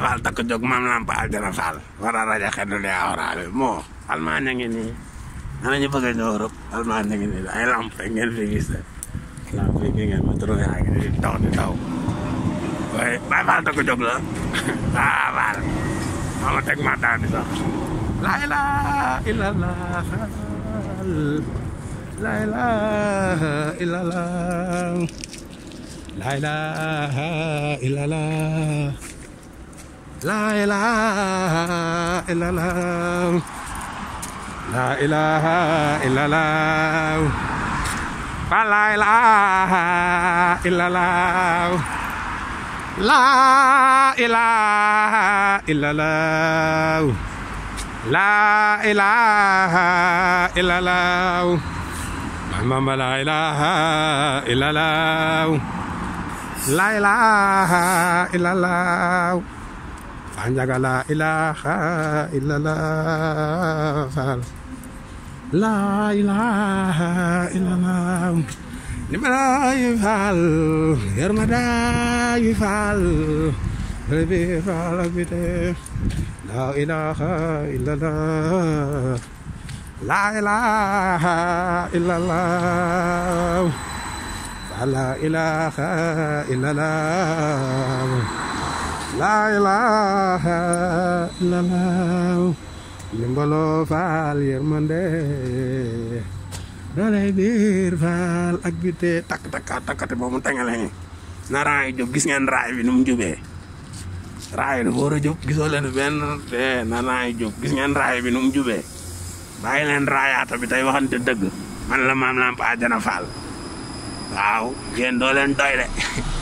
waaye faal takk jóg maam lampa aljana faal war a rajo xeddu lee awraale moo almaañ a ngi nii ana ñu bëgg a ñëw Europe almaañ a ngi nii ay lamp rek ngeen fi gis de lamp yi ngi ngeen ma trop yaa ngi di daw di daw waaye waaye faal takk la ah faal mama teg ma daan di sax laa ilaa ilaa laa laa ilaa ilaa laa laa ilaa laa La ilaha illallah. La ilaha illallah. La ilaha illallah. La ilaha illallah. La ilaha illallah. mama la ilaha illallah. La ilaha illallah. Fa Njaga laa ilaaha illallah Faal laa ilaaha illallah dimbalaayu Faal yërmandaayu Faal lébi Faal bi de ilaaha illallah laa ilaaha illallah Faal laa ilaaha illallah laa ilaaha illallaah ndimbaloo faal yërmande doolay biir faal ak bitee takk takka takkate boobu tengale na raay jóg gis ngeen raay bi nu mu jubee raay bi dafa war a jóg gisoo leen benn te na raay gis ngeen raay bi nu mu jubee bàyyi leen raayaata bi tey waxante dëgg man la maam lamp àjjana faal waaw yéen doo leen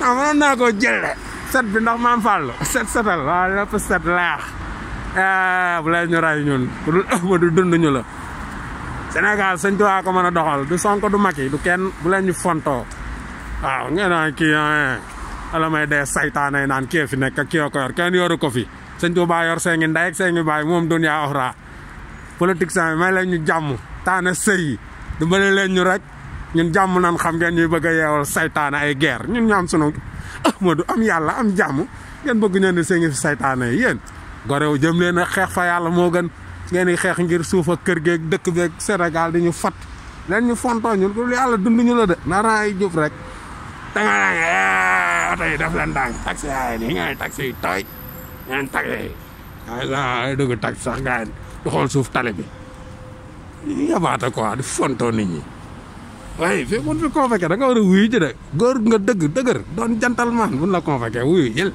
non mënoon naa koo set bi ndax maam fàllu set setal waaw lépp set leex eh, bu leen ñu ray ñun ku dul ëpp du dund ñu la Sénégal sëñ Tuubaa ko mën a doxal du Sonko du Macky du kenn bu leen ñu fontoo waaw ngeen naan kii ah, eh. ala may dee saytaane naan kii fi nekk kii ko yor kenn yoru ko fi sëñ Tuubaa yor seengi ndey ak seengi baay moom dunya oxra politique saa may leen ñu jàmm taana sëy du bële leen ñu rek ñun jàmm nan xam ngeen ñuy bëgg a yeewal saytaane ay guerre ñun ñu am sunu Ahmadu am yàlla am jàmm ngeen bëgg ñeen seen ngi fi saytaane yi yéen gorew jëm a xeex fa yàlla moo gën ngeen xeex ngir suuf ak kër geeg dëkk beeg Sénégal di ñu fat leen ñu fontoo ñun lu yàlla dund ñu la de nara ay jub rek da nga naan eh, oto yi def leen daan taxi yaay nii ngay taxi yi tooy ngeen taxi yi di xool suuf tali bi yabaate quoi di fontoo nit ñi waaye fii bu ñu fi convoqué da nga war a wuyu ji de góor nga dëgg dëgër doon jantal maan bu ñu la convoqué wuyu jël.